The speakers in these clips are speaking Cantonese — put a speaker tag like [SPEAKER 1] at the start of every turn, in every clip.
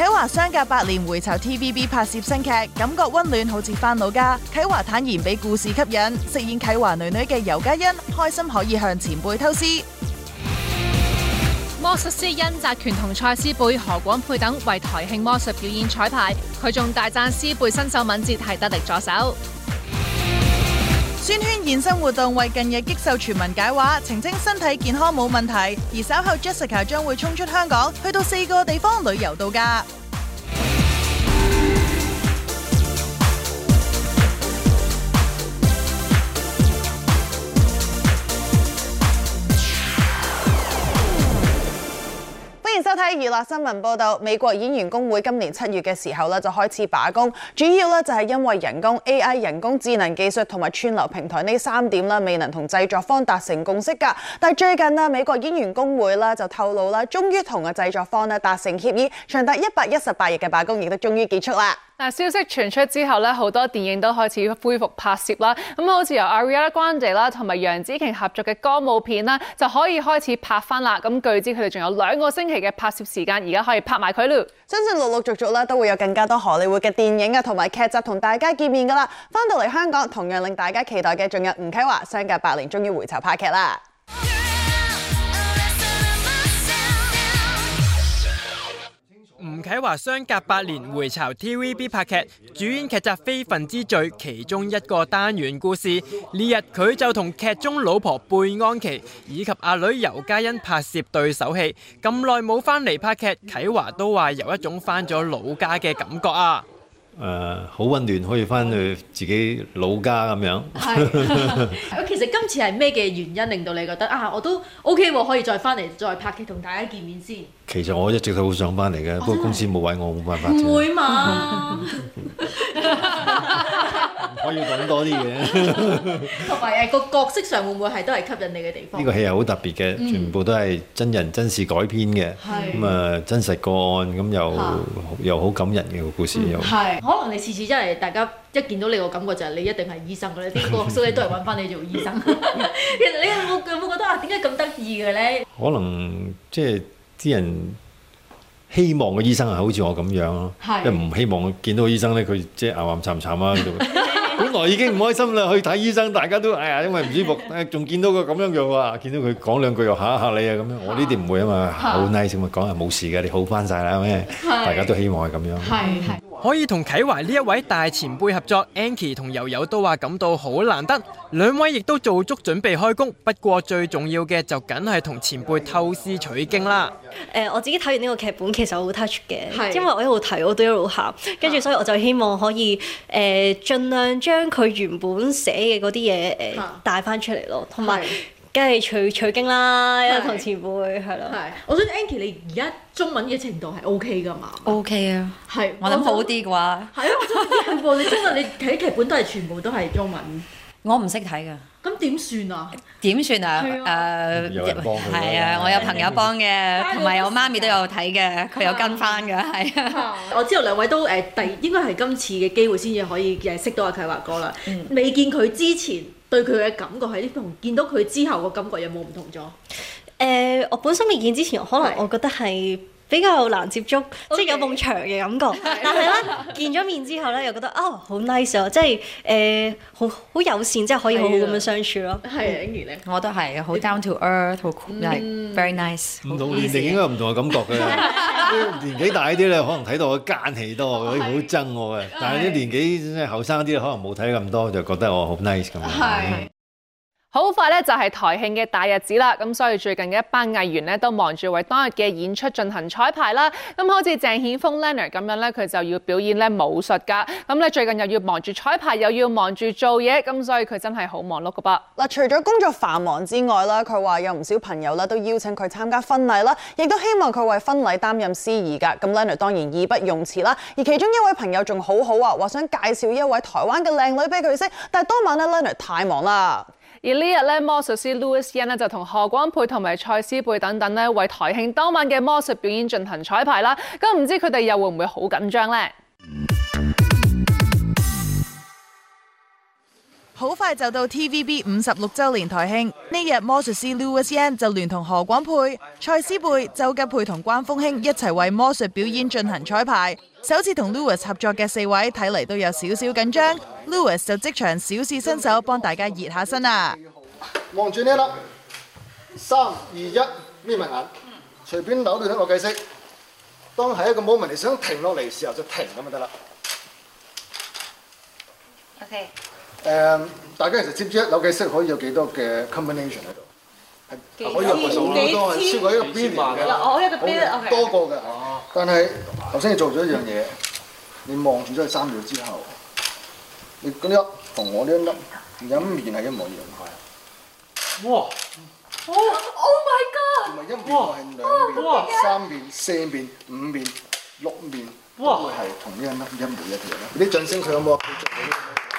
[SPEAKER 1] 啟華相隔八年回巢 TVB 拍攝新劇，感覺溫暖好似翻老家。啟華坦言畀故事吸引，飾演啟華女女嘅尤嘉欣開心可以向前輩偷師。
[SPEAKER 2] 魔術師甄澤權同蔡思貝、何廣沛等為台慶魔術表
[SPEAKER 1] 演彩排，佢仲大讚思貝身手敏捷係得力助手。宣萱現身活動為近日激瘦傳聞解畫，澄清身體健康冇問題，而稍後 Jessica 將會衝出香港去到四個地方旅遊度假。收睇娛樂新聞報道，美國演員工會今年七月嘅時候咧就開始罷工，主要咧就係因為人工、AI、人工智能技術同埋串流平台呢三點啦，未能同製作方達成共識噶。但係最近呢，美國演員工會啦就透露啦，終於同個製作方咧達成協議，長達一百一十八日嘅罷工亦都終於結束啦。
[SPEAKER 2] 但消息傳出之後咧，好多電影都開始恢復拍攝啦。咁好似由 Ariana Grande 啦同埋楊紫瓊合作嘅歌舞片啦，就可以開始拍翻啦。咁據知佢哋仲有兩個星期嘅拍攝時間，而家可以拍埋佢了。相信陸陸續續咧都
[SPEAKER 1] 會有更加多荷里活嘅電影啊同埋劇集同大家見面噶啦。翻到嚟香港同樣令大家期待嘅，仲有吳啟華，相隔八年終於回巢拍劇啦。
[SPEAKER 3] 啟華相隔八年回巢 TVB 拍劇，主演劇集《非分之罪》其中一個單元故事。呢日佢就同劇中老婆貝安琪以及阿女尤嘉欣拍攝對手戲。咁耐冇翻嚟拍劇，啟華都話有一種翻咗老家
[SPEAKER 4] 嘅感覺啊！誒、呃，好温暖，可以翻去自己老家咁樣。
[SPEAKER 5] 咁 其實今次係咩嘅原因令到你覺得啊？我都 OK 我可以再翻嚟再拍劇同大家見面先。
[SPEAKER 4] 其實我一直都好想翻嚟嘅，不過公司冇位我冇辦法。唔會嘛？可以講多啲嘢。同
[SPEAKER 5] 埋誒個角色上會唔會係都係吸引你嘅地方？呢個戲
[SPEAKER 4] 係好特別嘅，全部都係真人真事改編嘅。係咁誒真實個案，咁又又好感人嘅個故事又。係
[SPEAKER 5] 可能你次次真係大家一見到你個感覺就係你一定係醫生㗎，啲角色你都係揾翻你做醫生。其實你有冇有冇覺得啊？點解咁得意嘅咧？
[SPEAKER 4] 可能即係。啲人希望個醫生係好似我咁樣咯，係，即係唔希望見到個醫生咧，佢即係牙黃慘慘啊！ 本來已經唔開心啦，去睇醫生，大家都哎呀，因為唔舒服，仲、哎、見到個咁樣樣喎，見到佢講兩句又嚇一嚇你啊咁樣，我呢啲唔會啊嘛，好 nice 咁啊，講係冇事嘅，你好翻晒啦，咩的？大家都希望係咁樣。
[SPEAKER 3] 可以同啟華呢一位大前輩合作，Ankie 同遊友都話感到好難得，兩位亦都做足準備開工，不過最重要嘅就梗係同前輩偷師取經啦。
[SPEAKER 5] 我自己睇完呢個劇本其實好 touch 嘅，因為我一路睇我都一路喊，跟住所以我就希望可以誒、呃、盡量將佢原本寫嘅嗰啲嘢誒帶翻出嚟咯，同埋梗係取取經啦，因為同是前輩係咯。我想 Anki 你而家中文嘅程度係 OK 噶嘛？OK 啊，係我諗好啲啩。係啊，你真係你睇劇本都係全部都係中文。 我唔識睇嘅，咁點、啊、算啊？點算啊？誒、uh，係啊，我有朋友幫嘅，同埋 我媽咪都有睇嘅，
[SPEAKER 6] 佢 有跟返嘅，係、
[SPEAKER 5] 啊。 我知道兩位都誒，第應該係今次嘅機會先至可以誒識到阿啟華哥啦。嗯、未見佢之前，對佢嘅感覺係點，同見到佢之後個感覺有冇唔同咗？誒、呃，我本身未見之前，可能我覺得係。比較難接觸，即係有埲牆嘅感覺。但係咧，見咗面之後咧，又覺得哦好 nice 啊，即係誒好好友善，即係可以好好咁樣相處咯。係，Angie 咧，我都係好 down to earth，好 cool，係 very
[SPEAKER 6] nice。唔
[SPEAKER 4] 同年齡應該唔同嘅感覺嘅。年紀大啲咧，可能睇到我奸氣多，可以好憎我嘅。但係啲年紀後生啲可能冇睇咁多，就覺得我好 nice 咁樣。
[SPEAKER 2] 好快咧，就係台慶嘅大日子啦。咁所以最近嘅一班藝員咧都忙住為當日嘅演出進行彩排啦。咁好似鄭顯峰 Leonard 咁樣咧，佢就要表演咧武術噶。咁咧最近又要忙住彩排，又要忙住做嘢，咁所以佢真係好忙碌噶
[SPEAKER 1] 噃。嗱，除咗工作繁忙之外啦，佢話有唔少朋友咧都邀請佢參加婚禮啦，亦都希望佢為婚禮擔任司儀噶。咁 Leonard 當然義不容辭啦。而其中一位朋友仲好好啊，話想介紹一位台灣嘅靚女俾佢識，但係當晚咧 Leonard 太忙啦。而呢日咧，魔術師 Louis Yen 咧就同何光佩同埋蔡思貝
[SPEAKER 2] 等等咧，為台慶當晚嘅魔術表演進行彩排啦。咁唔知佢哋又會唔會好緊張咧？
[SPEAKER 1] 好快就到 TVB 五十六周年台慶呢日，魔術師 Louis Yan 就聯同何廣沛、I 'm 蔡思貝、周吉培同關峰興一齊為魔術表演進行彩排。首次同 Louis 合作嘅四位睇嚟都有少少緊張，Louis 就即場小試身手，幫大家熱下身啊！
[SPEAKER 7] 望住呢粒，三二一，眯埋眼，隨便扭亂都我計識。當係一個冇問題想停落嚟嘅時候就停，咁就得啦。
[SPEAKER 8] OK。
[SPEAKER 7] 誒、嗯，大家其實知唔知一粒扭計骰可以有多幾多嘅 combination 喺度？可以有個數好
[SPEAKER 9] 多係超過一個 billion
[SPEAKER 7] 嘅，萬萬 okay. 多過嘅。啊、但係頭先你做咗一樣嘢，你望住咗佢三秒之後，你嗰粒同我呢一粒，一面係一模一樣嘅。哇！哦，oh
[SPEAKER 2] my god！哇！哇！哇！
[SPEAKER 7] 唔係一面，係兩面、三面、四面、五面、六面會唔會係同一粒一模一樣？你啲掌聲佢有冇啊！哇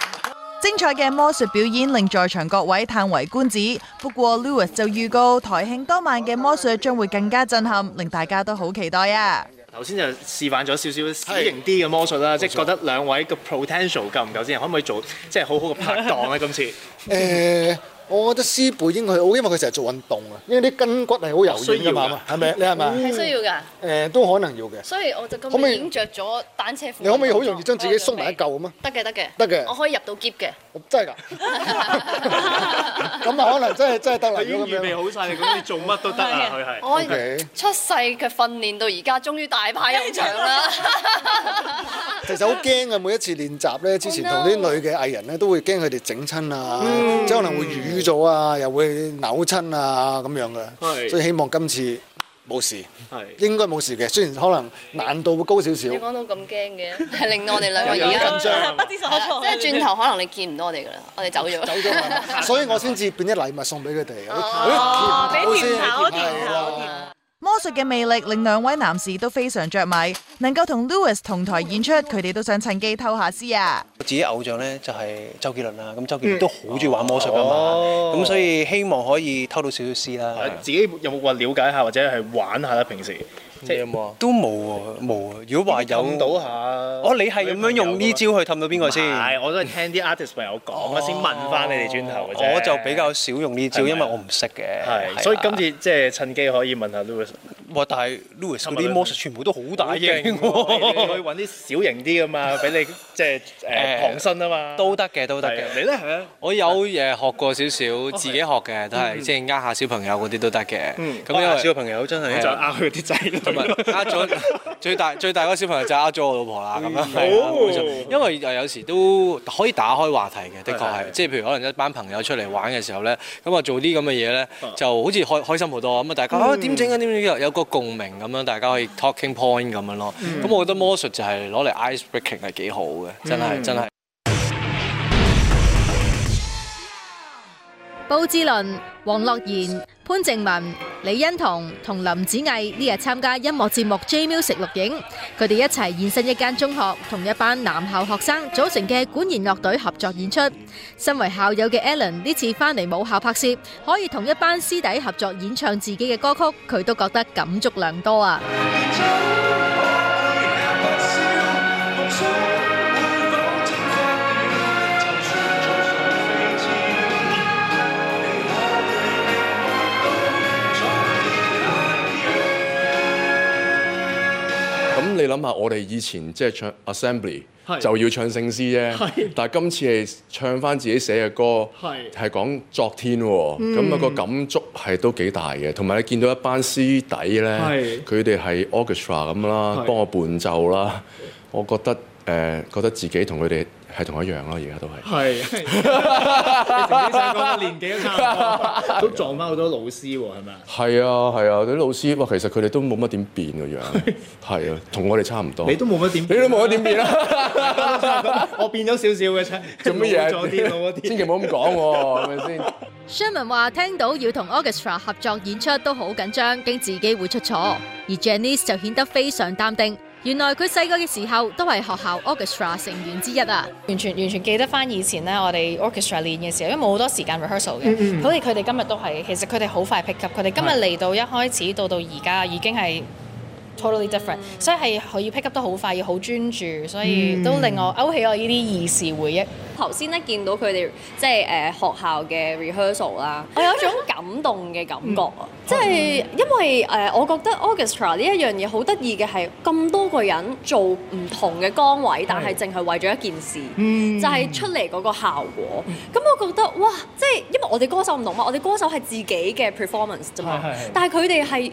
[SPEAKER 1] 精彩嘅魔術表演令在場各位歎為觀止。不過 Lewis 就預告台慶當晚嘅魔術將會更加震撼，令大家都好期待啊。
[SPEAKER 3] 頭先就示範咗少少小型啲嘅魔術啦是，即係覺得兩位嘅 potential 夠唔夠先？可唔可以做即係好好嘅拍檔咧？今次？誒。
[SPEAKER 7] 我覺得師傅應該好，因為佢成日做運動啊，因為啲筋骨係好柔軟㗎嘛，係咪？你係咪？係需要㗎。誒，都可能要嘅。
[SPEAKER 5] 所以我就咁影着咗單車褲。你可唔可以好容
[SPEAKER 7] 易將自己縮埋一嚿咁啊？
[SPEAKER 5] 得嘅，得嘅。得嘅。我可以入到喼嘅。
[SPEAKER 7] 真係㗎。咁啊，可能真係真係得嚟㗎。已經準備好晒，咁你做乜都
[SPEAKER 3] 得
[SPEAKER 7] 啊！
[SPEAKER 5] 出世嘅訓練到而家，終於大派用場啦。
[SPEAKER 7] 其實好驚啊，每一次練習咧，之前同啲女嘅藝人咧，都會驚佢哋整親啊，即係可能會瘀。咗啊，又會扭親啊咁樣嘅，是的 所以希望今次冇事，是的 應該冇事嘅。雖然可能難度會高少少。講
[SPEAKER 2] 到咁
[SPEAKER 5] 驚嘅，係令到我哋兩
[SPEAKER 7] 個而家緊張，對不知所
[SPEAKER 5] 措。即係轉頭可能你見唔到我哋噶啦，我哋走咗。走咗
[SPEAKER 7] 所以我先至變咗禮物送俾佢哋。哦，俾甜、哎、
[SPEAKER 1] 頭，甜頭。魔術嘅魅力令兩位男士都非常着迷，能夠同 Lewis 同台演出，佢哋都想趁機偷下師啊。
[SPEAKER 3] 自己偶像咧就係周杰倫啦，咁周杰倫都好中意玩魔術啊嘛，咁、哦、所以希望可以偷到少少師啦。自己有冇話了解下或者係玩下咧平時？即係都冇喎，冇啊！的如果話有到下。哦，你係咁樣用呢招去氹到邊個先？唔，我都係聽啲 artist 朋友講我先問翻你哋轉頭嘅啫。我就比較少用呢招，的因為我唔識嘅。係，所以今次即係、就是、趁機可以問下 Louis。但係 Lewis 嗰啲魔術全部都好大型，可以揾啲小型啲噶嘛，俾你即係誒傍身啊嘛，都得嘅，都得嘅。你咧？我有誒學過少少，自己學嘅都係即係呃下小朋友嗰啲都得嘅。咁因為小朋友真係就呃佢啲仔，同埋呃咗最大最大嗰個小朋友就呃咗我老婆啦。咁樣係因為有時都可以打開話題嘅，的確係即係譬如可能一班朋友出嚟玩嘅時候咧，咁啊做啲咁嘅嘢咧，就好似開開心好多。咁啊大家啊點整啊點有共鳴咁樣，大家可以 talking point 咁樣咯。咁，嗯，我覺得魔術就係攞嚟 ice breaking 係幾好嘅，嗯，真係真係。
[SPEAKER 5] 布志綸、黃樂賢、潘靜文、李欣彤同林子毅呢日參加音樂節目 J Music 錄影，佢哋一齊現身一間中學，同一班男校學生組成嘅管弦樂隊合作演出。身為校友嘅 Alan 呢次翻嚟母校拍攝，可以同一班師弟合作演唱自己嘅歌曲，佢都覺得感觸良多啊！
[SPEAKER 9] 咁你諗下，我哋以前即係唱 assembly 是就要唱聖詩啫，是但係今次係唱翻自己寫嘅歌，係是講昨天喎，咁、嗯、個感觸係都幾大嘅。同埋你見到一班師弟呢，佢哋係 orchestra 咁啦，幫我伴奏啦，是我覺得誒、呃，覺得自己同佢哋。係同我一樣咯，而家都係。
[SPEAKER 8] 係、
[SPEAKER 3] 啊。年紀都差唔多，都撞翻好多老師喎，
[SPEAKER 9] 係咪啊？係啊，係啊，啲老師哇，其實佢哋都冇乜點變個樣，係啊，同我哋差唔多。你都冇乜點，你都冇乜點變啦。
[SPEAKER 3] 我變咗少少嘅
[SPEAKER 9] 啫。做乜嘢啊？啲咁啲。千祈唔好咁講喎，係咪先？
[SPEAKER 5] Sherman 話聽到要同 Orchestra 合作演出都好緊張，驚自己會出錯，嗯、而 Janice 就顯得非常淡定。原來佢細個嘅時候都係學校 orchestra 成員之一啊！完全完全記得翻以前咧，我哋 orchestra 練嘅時候，因為冇好多時間 rehearsal 嘅，好似佢哋今日都係。其實佢哋好快 pick up，佢哋今日嚟到一開始到到而家已經係 totally different，mm hmm. 所以係佢要 pick up 得好快，要好專注，
[SPEAKER 10] 所以都令我
[SPEAKER 5] 勾起我呢啲兒時回憶。頭先咧見到佢哋即係誒、呃、學校嘅 rehearsal 啦，我有一種感動嘅感覺啊！即係因為誒、呃，我覺得 orchestra 呢一樣嘢好得意嘅係咁多個人做唔同嘅崗位，但係淨係為咗一件事，嗯、就係出嚟嗰個效果。咁、嗯嗯、我覺得哇！即係因為我哋歌手唔同嘛，我哋歌手係自己嘅 performance 啫嘛，嗯、但係佢哋係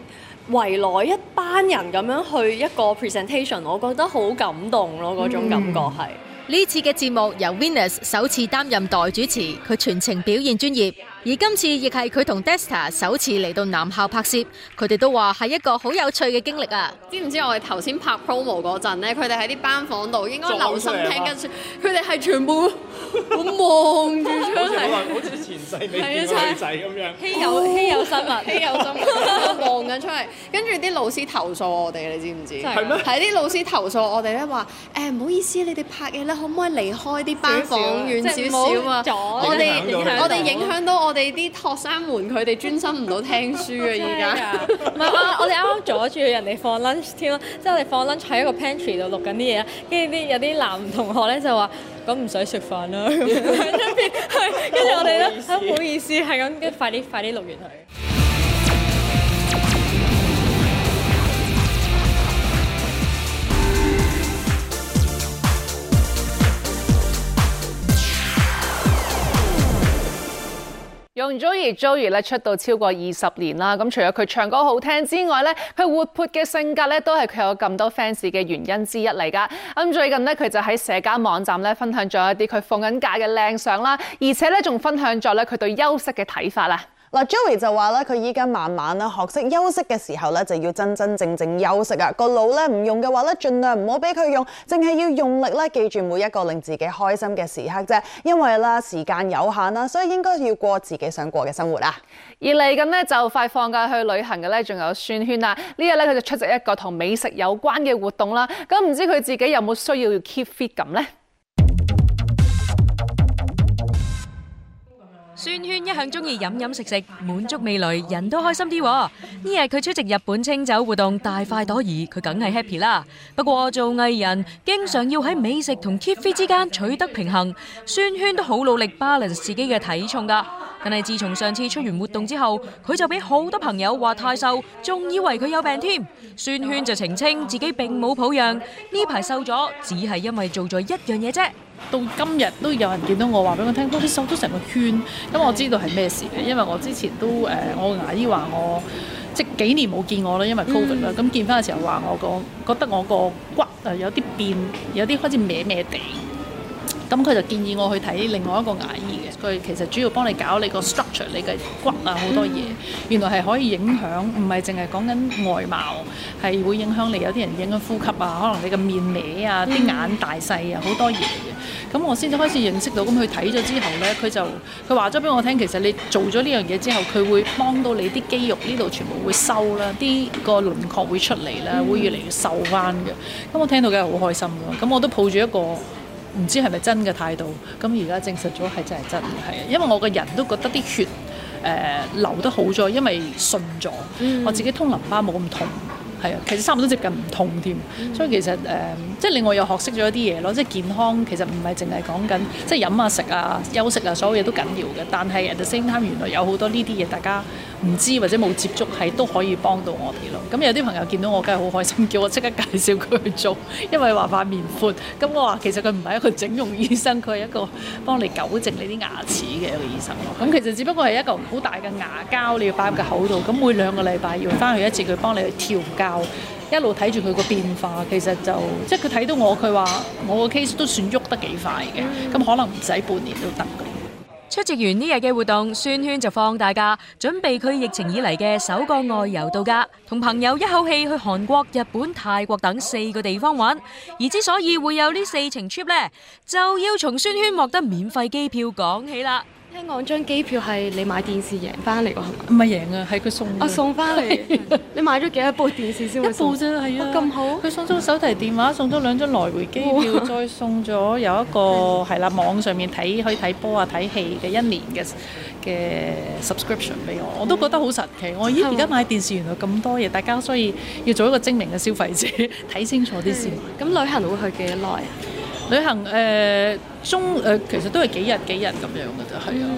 [SPEAKER 5] 圍來一班人咁樣去一個 presentation，我覺得好感動咯，嗰種感覺係、嗯。嗯。呢次嘅節目由 Venus 首次擔任代主持，佢全程表現專業。而今次亦係佢同 Destar 首次嚟到南校拍攝，佢哋都話係一個好有趣嘅經歷啊！知唔知我哋頭先拍 promo 嗰陣咧，佢哋喺啲班房度，應該留心聽緊，佢哋係全部好望住出嚟，好似前
[SPEAKER 3] 世未見女仔咁樣，稀有
[SPEAKER 5] 稀有生物，稀有生物望緊出嚟，跟住啲老師投訴我哋，你知唔知？係咩？係啲老師投訴我哋咧，話誒唔好意思，你哋拍嘢咧，可唔可以離開啲班房遠少少啊？我哋我哋影響到我。我哋啲學生們，佢哋專心唔到聽書嘅而家。唔係 我我哋啱啱阻住人哋放 lunch 添咯，即係我哋放 lunch 喺一個 pantry 度錄緊啲嘢啦。跟住啲有啲男同學咧就話，咁唔使食飯啦。喺出邊，跟住我哋都唔好意思，係咁跟快啲 快啲錄完佢。
[SPEAKER 2] 容祖兒 Joey 咧出道超過二十年啦，咁除咗佢唱歌好聽之外咧，佢活潑嘅性格咧都係佢有咁多 fans 嘅原因之一嚟㗎。咁最近咧，佢就喺社交網站咧分享咗一啲佢放緊假嘅靚相啦，而且咧仲分享咗咧佢對休息嘅睇法啦。
[SPEAKER 1] 嗱，Joey 就話咧，佢依家慢慢咧學識休息嘅時候咧就要真真正正休息啊，個腦咧唔用嘅話咧盡量唔好俾佢用，淨係要用力咧記住每一個令自己開心嘅時刻啫。因為啦時間有限啦，所以應該要過自己想過嘅生活啊。
[SPEAKER 2] 而嚟咁咧就快放假去旅行嘅咧，仲有孫圈啊，呢日咧佢就出席一個同美食有關嘅活動啦，咁唔知佢自己有冇需
[SPEAKER 6] 要 keep fit 咁咧？宣萱一向中意飲飲食食，滿足味蕾，人都開心啲。呢日佢出席日本清酒活動，大快朵頤，佢梗係 happy 啦。不過做藝人，經常要喺美食同咖啡之間取得平衡，宣萱都好努力 balance 自己嘅體重噶。但係自從上次出完活動之後，佢就俾好多朋友話太瘦，仲以為佢有病添。宣萱就澄清自己並冇抱恙，呢排瘦咗只係因為做咗一樣嘢啫。到今日都有人見到我話俾我聽，好似瘦咗成個圈，
[SPEAKER 10] 咁我知道係咩事嘅，因為我之前都誒，我牙醫話我即係幾年冇見我啦，因為 covid 啦、嗯，咁見翻嘅時候話我個覺得我個骨啊有啲變，有啲開始歪歪地。咁佢就建議我去睇另外一個牙醫嘅，佢其實主要幫你搞你個 structure，你嘅骨啊好多嘢，原來係可以影響，唔係淨係講緊外貌，係會影響你有啲人影響呼吸啊，可能你嘅面歪啊，啲、嗯、眼大細啊，好多嘢嘅。咁我先至開始認識到，咁佢睇咗之後呢，佢就佢話咗俾我聽，其實你做咗呢樣嘢之後，佢會幫到你啲肌肉呢度全部會收啦，啲個輪廓會出嚟啦，會越嚟越瘦翻嘅。咁我聽到梗係好開心咯，咁我都抱住一個唔知係咪真嘅態度，咁而家證實咗係真係真嘅，係因為我個人都覺得啲血誒流得好咗，因為順咗，嗯、我自己通淋巴冇咁痛，係啊，其實差唔多接近唔痛添，嗯、所以其實誒、呃、即係另外又學識咗一啲嘢咯，即係健康其實唔係淨係講緊即係飲啊、食啊、休息啊所有嘢都緊要嘅，但係 at the same time 原來有好多呢啲嘢大家。唔知或者冇接觸係都可以幫到我哋咯。咁有啲朋友見到我，梗係好開心，叫我即刻介紹佢去做，因為話塊面闊。咁我話其實佢唔係一個整容醫生，佢係一個幫你糾正你啲牙齒嘅一個醫生咯。咁其實只不過係一個好大嘅牙膠，你要擺入個口度。咁每兩個禮拜，要翻去一次，佢幫你去調教，一路睇住佢個變化。其實就即係佢睇到我，佢話我個 case 都算喐得幾快嘅，咁可能唔使半年都得。
[SPEAKER 6] 出席完呢日嘅活動，宣萱就放大假，準備佢疫情以嚟嘅首個外遊度假，同朋友一口氣去韓國、日本、泰國等四個地方玩。而之所以會有呢四程 trip 呢，就要從宣萱獲得免費機票講起啦。
[SPEAKER 11] 聽
[SPEAKER 10] 講張機票係你買電視贏翻嚟喎，係咪？唔係贏啊，係佢送。啊，送翻嚟！你
[SPEAKER 5] 買咗幾多部電視先會送？一部啫，係啊，咁好。
[SPEAKER 10] 佢送咗手提電話，送咗兩張來回機票，再送咗有一個係啦，網上面睇可以睇波啊睇戲嘅一年嘅嘅 subscription 俾我。我都覺得好神奇。我咦，而家買電視原來咁多嘢。大家所以要做一個精明嘅消費者，睇清楚啲先。咁旅行會去幾耐啊？旅行誒、呃、中誒、呃、其實都係幾日幾日咁樣嘅啫。係啊，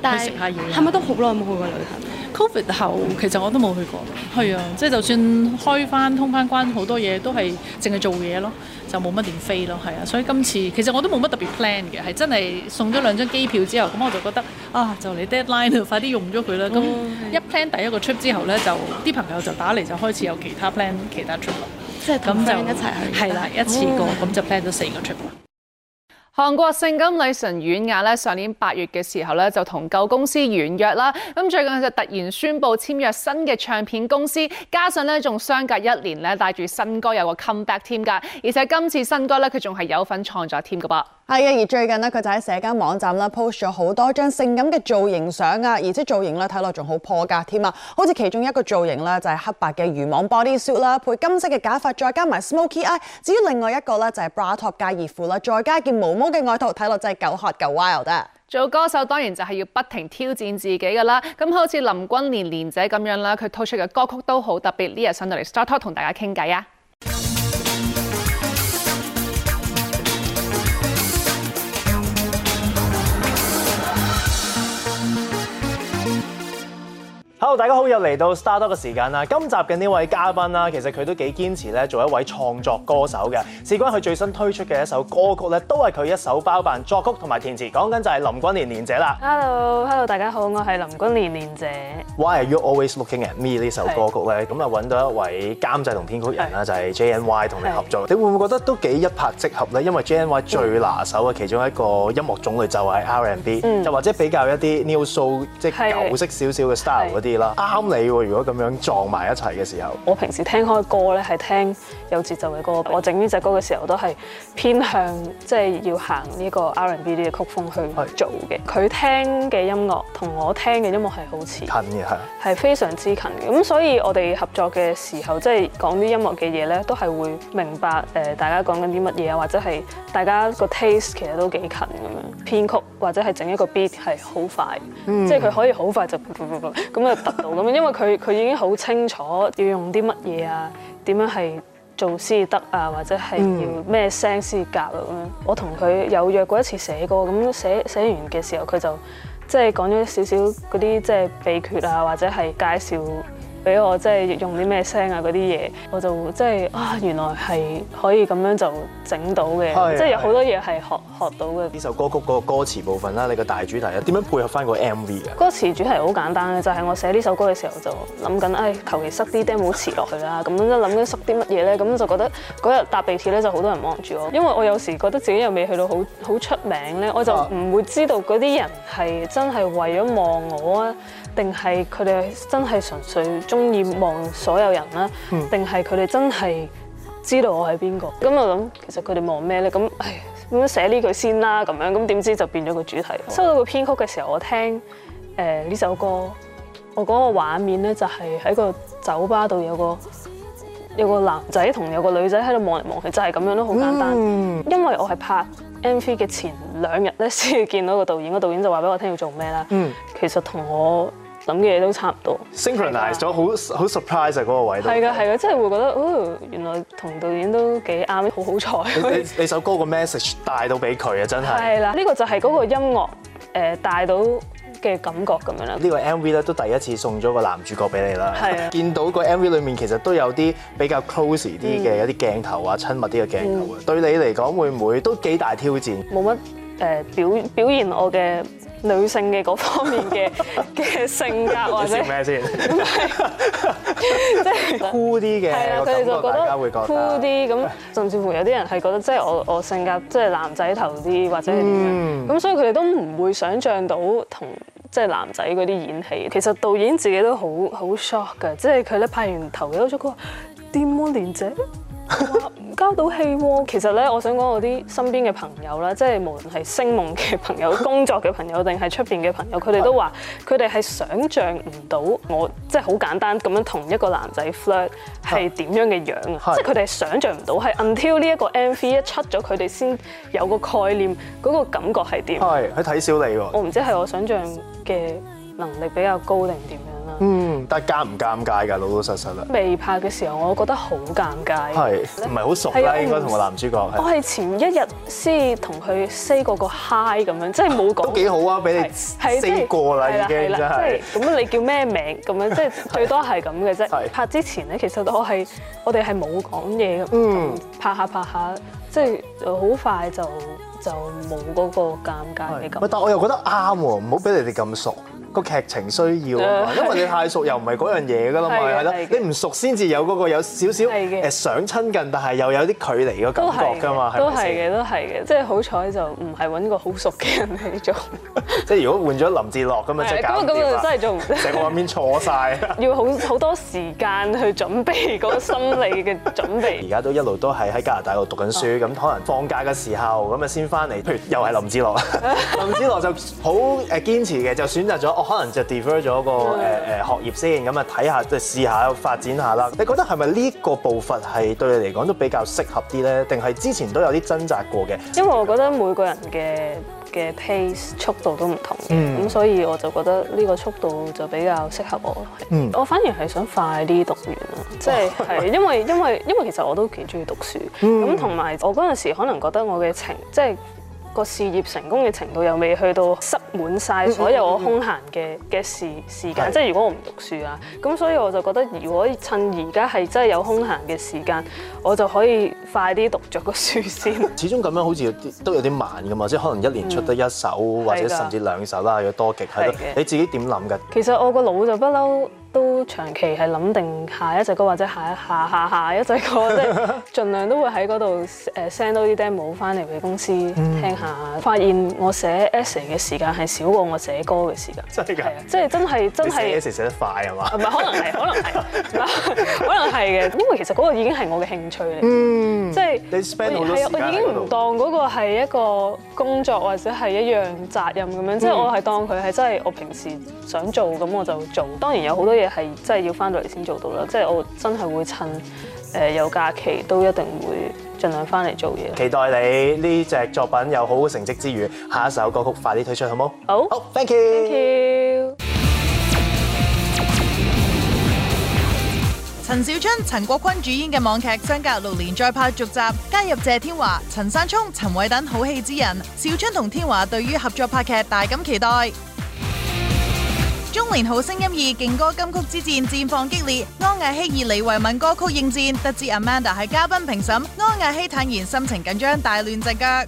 [SPEAKER 10] 但是去食下嘢，啊。係咪都好耐冇去過旅行？COVID 後、嗯、其實我都冇去過。係、嗯、啊，即係就算開翻通翻關，好多嘢都係淨係做嘢咯，就冇乜點飛咯，係啊。所以今次其實我都冇乜特別 plan 嘅，係真係送咗兩張機票之後，咁我就覺得啊，就嚟 deadline 啦，快啲用咗佢啦。咁、嗯嗯、一 plan 第一個 trip 之後咧，就啲朋友就打嚟，就開始有其他 plan 其他 trip 咯。即係咁就一齊去，係啦，一次過
[SPEAKER 2] 咁就 plan 咗四個 trip。韓國性感女神婉雅咧，上年八月嘅時候咧就同舊公司完約啦，咁最近就突然宣佈，簽約新嘅唱片公司，加上咧仲相隔一年咧，帶住新歌有個 comeback 添㗎，而且今次新歌咧佢仲係有份創作添噶噃。
[SPEAKER 1] 係啊、哎，而最近咧，佢就喺社交網站啦 post 咗好多張性感嘅造型相啊，而且造型咧睇落仲好破格添啊，好似其中一個造型咧就係黑白嘅漁網 body suit 啦，配金色嘅假髮，再加埋 smoky eye。至於另外一個咧就係 bra top 加熱褲啦，再加件毛毛嘅外套，睇落真係夠 hot 夠 wild。啊。做歌手當然就係
[SPEAKER 2] 要不停挑戰自己噶啦，咁好似林君連連姐咁樣啦，佢推出嘅歌曲都好特別。呢日上到嚟 start talk 同大家傾偈啊！
[SPEAKER 3] 大家好，又嚟到 Startup 嘅時間啦！今集嘅呢位嘉賓啦，其實佢都幾堅持咧，做一位創作歌手嘅。事關佢最新推出嘅一首歌曲咧，都係佢一手包辦作曲同埋填詞。講緊就係林君蓮蓮姐啦。
[SPEAKER 11] Hello，Hello，hello，大家好，我係林君蓮蓮姐。
[SPEAKER 3] Why Are you always looking at me 呢首歌曲咧，咁啊搵到一位監製同編曲人啦，是就係 J n Y 同你合作。是你會唔會覺得都幾一拍即合咧？因為 J n Y 最拿手嘅其中一個音樂種類就係 R and B，又、嗯、或者比較一啲 New Soul 即係舊式少少嘅 style 啲啦是。是啱你喎！如果咁樣撞埋一齊嘅
[SPEAKER 11] 時候，我平時聽開歌咧係聽有節奏嘅歌，我整呢隻歌嘅時候都係偏向即係、就是、要行呢個 R&B 啲嘅曲風去做嘅。佢是聽嘅音樂同我聽嘅音樂係好似近嘅係啊，係非常之近嘅。咁所以我哋合作嘅時候，即係講啲音樂嘅嘢咧，都係會明白誒大家講緊啲乜嘢啊，或者係大家個 taste 其實都幾近，咁樣編曲，或者係整一個 beat 係好快，嗯、即係佢可以好快就咁啊 咁，因為佢佢已經好清楚要用啲乜嘢啊，點樣係做先至得啊，或者係要咩聲先至夾啊咁樣。我同佢有約過一次寫歌，咁寫寫完嘅時候，佢就即係講咗少少嗰啲即係秘訣啊，或者係介紹。俾我即係用啲咩聲啊嗰啲嘢，我就即係啊原來係可以咁樣就整到嘅，的即係有好多嘢係學
[SPEAKER 3] 學到嘅。呢首歌曲嗰個歌詞部分啦，你個大主題啊，點樣配合翻個 MV 嘅？
[SPEAKER 11] 歌詞主題好簡單嘅，就係、是、我寫呢首歌嘅時候就諗緊，唉，求其塞啲 demo 詞落去啦。咁樣諗緊塞啲乜嘢咧？咁就覺得嗰日搭地鐵咧就好多人望住我，因為我有時覺得自己又未去到好好出名咧，我就唔會知道嗰啲人係真係為咗望我啊。定係佢哋真係純粹中意望所有人啦，定係佢哋真係知道我係邊個？咁我諗其實佢哋望咩咧？咁唉，咁樣寫呢句先啦，咁樣咁點知就變咗個主題。好收到個編曲嘅時候，我聽誒呢、呃、首歌，我嗰個畫面咧就係喺個酒吧度有個有個男仔同有個女仔喺度望嚟望去，就係、是、咁樣咯，好簡單。嗯、因為我係拍 MV 嘅前兩日咧先見到個導演，個導演就話俾我聽要做咩啦。嗯、其實同我諗嘅嘢都差唔多
[SPEAKER 3] ，synchronized 咗，好好 surprise 喺嗰個位。係㗎，係
[SPEAKER 11] 啊，真係會覺得，哦，原來同導演都幾啱，好好彩。你
[SPEAKER 3] 你首歌個 message 帶到俾佢啊，真係。係
[SPEAKER 11] 啦，呢、呢個就係嗰個音樂誒、呃、帶到嘅感覺咁樣啦。個呢
[SPEAKER 3] 個 MV 咧都第一次送咗個男主角俾你啦。係的。見到個 MV 裏面其實都有啲比較 close 啲嘅有啲鏡頭啊，親密啲嘅鏡頭啊，嗯、對你嚟講
[SPEAKER 11] 會唔會都幾大挑戰？冇乜誒表表現我嘅。女性嘅嗰方面嘅嘅 性格或者咩先，即係
[SPEAKER 3] 酷啲嘅，係啊，佢哋就覺得 cool 啲
[SPEAKER 11] 咁，甚至乎有啲人係覺得 即係我我性格即係男仔頭啲或者係點樣，咁 所以佢哋都唔會想像到同即係男仔嗰啲演戲。其實導演自己都好好 shock 㗎，即係佢咧拍完頭幾集佢話啲魔連 交到戲，啊，其實咧，我想講我啲身邊嘅朋友啦，即係無論係星夢嘅朋友，工作嘅朋友，定係出邊嘅朋友，佢哋 都話，佢哋係想象唔到我即係好簡單咁樣同一個男仔 flirt 係點樣嘅樣啊！ 即係佢哋想象唔到，係 until 呢一個 MV 一出咗，佢哋先有個概念，嗰、嗰個感覺係點？係佢睇小你喎，我唔知係我想象嘅能力比較高定點樣。
[SPEAKER 3] 嗯，但係尷唔尷尬㗎，老老實實啦。
[SPEAKER 11] 未拍嘅時候，我覺得好尷尬，係
[SPEAKER 3] 唔係好熟啦？應該同個男主角。我係
[SPEAKER 11] 前一日先同佢 say 過個 hi 咁樣，即係冇講。都幾好啊，俾你 say 過啦，已經即係。咁你叫咩名？咁樣即係最多係咁嘅啫。拍之前咧，其實我係我哋係冇講嘢，嗯。拍下拍下，即係好快就就冇嗰個尷尬嘅感覺。喂，
[SPEAKER 3] 但我又覺得啱喎，唔好俾你哋咁熟。個劇情需要，因為你太熟又唔係嗰樣嘢㗎啦嘛，係咯，你唔熟先至有嗰個有少少誒想親近，但係又有啲距離嘅感覺㗎嘛，係咪先？都係嘅，
[SPEAKER 11] 都係嘅，即係好彩就唔係揾個好熟嘅人嚟做。
[SPEAKER 3] 即係如果換咗林志樂咁啊，真係搞唔掂，成個畫面錯晒。
[SPEAKER 11] 要好好多時間去準備嗰個心理嘅準備。
[SPEAKER 3] 而家都一路都係喺加拿大度讀緊書，咁可能放假嘅時候咁啊先翻嚟。譬如又係林志樂，林志樂就好誒堅持嘅，就選擇咗可能就 defer 咗個誒誒、呃呃、學業先咁啊，睇下就試下發展下啦。你覺得係咪呢個步伐係對你嚟講都比較適合啲咧？定係之前都有啲掙扎過嘅？
[SPEAKER 11] 因為我覺得每個人嘅嘅 pace 速度都唔同嘅，咁、嗯、所以我就覺得呢個速度就比較適合我。嗯，我反而係想快啲讀完啦，即係係因為因為因為其實我都幾中意讀書，咁同埋我嗰陣時可能覺得我嘅情即係。就是個事業成功嘅程度又未去到塞滿晒所有我空閒嘅嘅時時間，嗯、即係如果我唔讀書啊，咁所以我就覺得如果趁而家係真係有空閒嘅時間，我就可以快啲讀着個書先。
[SPEAKER 3] 始終咁樣好似都有啲慢㗎嘛，即係可能一年出得一首、嗯、或者甚至兩首啦，要的多極係咯。的你自己點諗㗎？
[SPEAKER 11] 其實我個腦就不嬲。都長期係諗定下一隻歌或者下下下下，下一隻歌，即、就、係、是、盡量都會喺嗰度誒 send 到啲 demo 翻嚟俾公司聽下。嗯、發現我寫 essay 嘅時間係少過我寫歌嘅時間。即係真係、就是、真係。真㗎？寫 essay
[SPEAKER 3] 寫得快係嘛？唔係可能係，可能
[SPEAKER 11] 係，可能係嘅。 因為其實嗰個已經係我嘅興趣嚟，即係、嗯。 你 spend 好多時間喎。我已經唔當嗰個係一個工作或者係一樣責任咁樣，即係、嗯、我係當佢係真係我平時想做咁我，我就做。當然有好多。即係真係要翻到嚟先做到啦，即係我真係會趁誒有假期都一定會盡量翻嚟做嘢。期
[SPEAKER 3] 待你呢隻作品有好成績之餘，下一首歌曲快啲推出好冇？
[SPEAKER 11] 好，Thank you，Thank
[SPEAKER 3] you，
[SPEAKER 1] 陳小春、陳國坤主演嘅網劇相隔六年再拍續集，加入謝天華、陳山聰、陳偉等好戲之人，小春同天華對於合作拍劇大感期待。中年好聲音二勁歌金曲之戰，戰況激烈，安雅希以李慧敏歌曲應戰，得知 Amanda 係嘉賓評審，安雅希坦言心情緊張，大亂陣腳。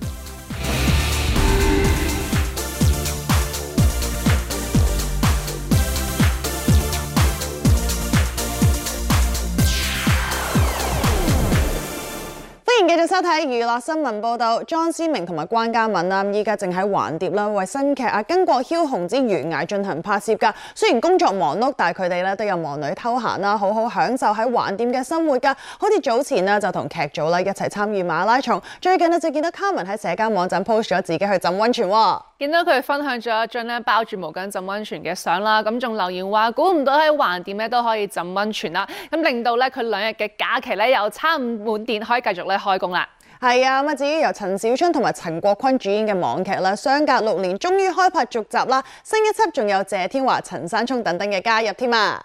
[SPEAKER 1] 繼續收睇娛樂新聞報道，莊思明同埋關嘉敏啦，依家正喺橫店啦，為新劇《啊巾幗梟雄之懸崖》進行拍攝噶。雖然工作忙碌，但係佢哋咧都有忙裏偷閒啦，好好享受喺橫店嘅生活噶。好似早前咧就同劇組啦一齊參與馬拉松，最近咧就見到卡文喺社交網站 post 咗自己去浸溫泉。
[SPEAKER 2] 見到佢分享咗一張咧包住毛巾浸溫泉嘅相啦，咁仲留言話，估唔到喺橫店咧都可以浸溫泉啦，咁令到咧佢兩日嘅假期咧又差唔滿電可以繼續咧開。供
[SPEAKER 1] 係啊！咁啊，至於由陳小春同埋陳國坤主演嘅網劇啦，相隔六年終於開拍續集啦，新一輯仲有謝天華、陳山聰等等嘅加入添啊！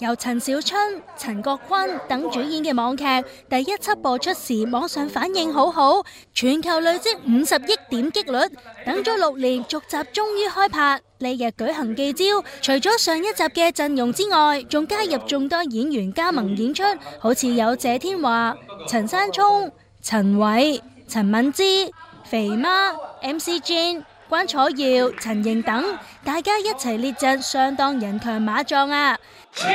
[SPEAKER 8] 由陳小春、陳國坤等主演嘅網劇第一輯播出時，網上反應好好，全球累積五十億點擊率。等咗六年，續集終於開拍，呢日舉行記招，除咗上一集嘅陣容之外，仲加入眾多演員加盟演出，好似有謝天華、陳山聰、陳偉、陳敏之、肥媽、MC Jin 關楚耀、陳瑩等，大家一齊列陣相當，人強馬壯啊！Yeah!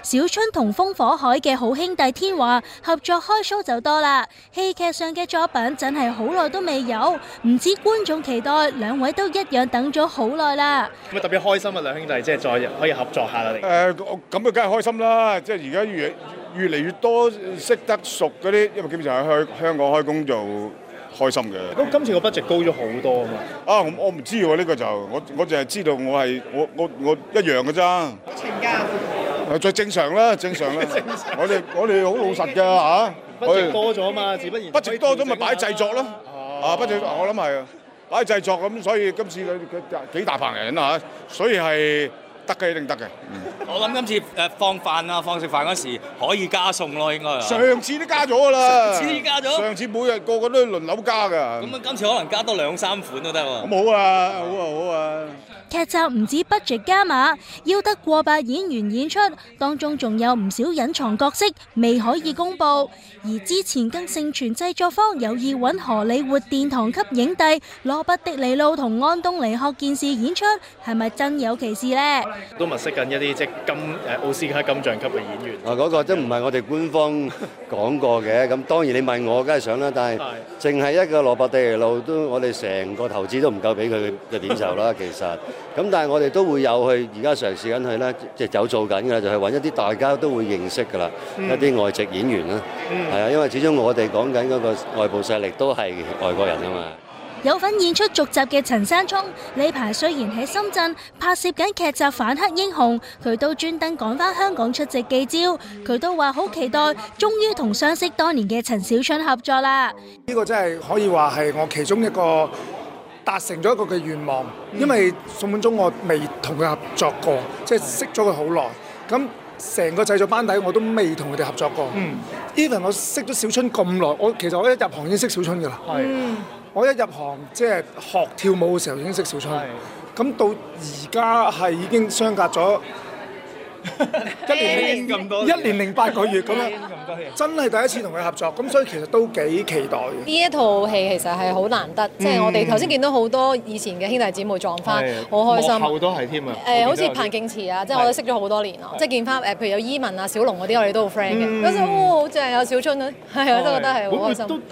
[SPEAKER 8] 小春同風火海嘅好兄弟天華合作開 show 就多啦，戲劇上嘅作品真係好耐都未有，唔知觀眾期待兩位都一樣等咗好耐啦。
[SPEAKER 3] 咁啊特別開心啊，兩兄弟即係再可以合作下啦。
[SPEAKER 9] 誒、啊，咁啊梗係開心啦，即係而家越越嚟越多識得熟嗰啲，因為基本上喺香香港開工做。開
[SPEAKER 3] 心嘅，咁今次個 budget 高咗好多啊嘛！啊，我我唔知喎，呢個就我我淨係知道我係我我我一樣嘅咋？情價，啊最正常啦，正常啦，我哋
[SPEAKER 7] 我哋好老實㗎吓，budget 多
[SPEAKER 3] 咗啊嘛，自不然，budget 多咗咪擺製作咯，啊 budget，我諗係擺製作咁，所以今次佢佢
[SPEAKER 7] 幾大棚人啊，所以係。得嘅一定得嘅。
[SPEAKER 3] 嗯、 我諗今次誒、呃、放飯啊，放食飯嗰時可以加餸咯，應該。上
[SPEAKER 8] 次都加咗㗎喇，上次加咗。上
[SPEAKER 7] 次每日個個都要輪流加㗎。
[SPEAKER 3] 咁樣今次可能加多兩三款都得喎、啊。咁好
[SPEAKER 8] 啊，好啊，好啊。劇集唔止 budget 加碼，要得過百演員演出，當中仲有唔少隱藏角色未可以公布。而之前更盛傳製作方有意搵荷里活殿堂級影帝羅拔迪尼路同安東尼鶴健士演出，係咪真有其事咧？都
[SPEAKER 3] 物色緊一啲即金誒奧斯卡金像級嘅演員。
[SPEAKER 4] 嗱，嗰個都唔係我哋官方講過嘅，咁當然你問我梗係想啦，但係淨係一個羅拔迪尼路都，我哋成個投資都唔夠俾佢嘅片酬啦，其實。咁但係我哋都會有去而家嘗試緊去咧，即係走做緊嘅啦，就係揾一啲大家都會認識嘅啦，一啲外籍演員啦、嗯，係啊，因為始終我哋講緊嗰個外部勢力都係外國人啊嘛。
[SPEAKER 8] 有份演出續集嘅陳山聰，呢排雖然喺深圳拍攝緊劇集《反黑英雄》，佢都專登趕翻香港出席記招，佢都話好期待，終於同相識多年嘅陳小春合作啦。
[SPEAKER 7] 呢個真係可以話係我其中一個。達成咗一個嘅願望，因為宋本中我未
[SPEAKER 3] 同佢合作過，即、就、係、是、識咗佢好耐。咁成個製作班底我都未同佢哋合作過。Even、嗯、我識咗小春咁耐，我其實我一入行已經識小春㗎喇是、嗯。我一入行即係、就是、學跳舞嘅時候已經識小春。咁是到而家係已經相隔咗。一年零咁多，一年零八個月咁樣，真係第一次同佢合作，咁所以其實都幾期待。呢一
[SPEAKER 5] 套戲其實係好難得，即係我哋頭先見到好多以前嘅兄弟姐妹撞翻，好開心。好
[SPEAKER 3] 多都係添啊！誒，好似彭
[SPEAKER 5] 敬慈啊，即係我都識咗好多年咯，即係見翻誒，譬如有伊文啊、小龍嗰啲，我哋都好 friend 嘅。嗰陣哇，好正啊，有小春啊，係啊，都覺得係好開心。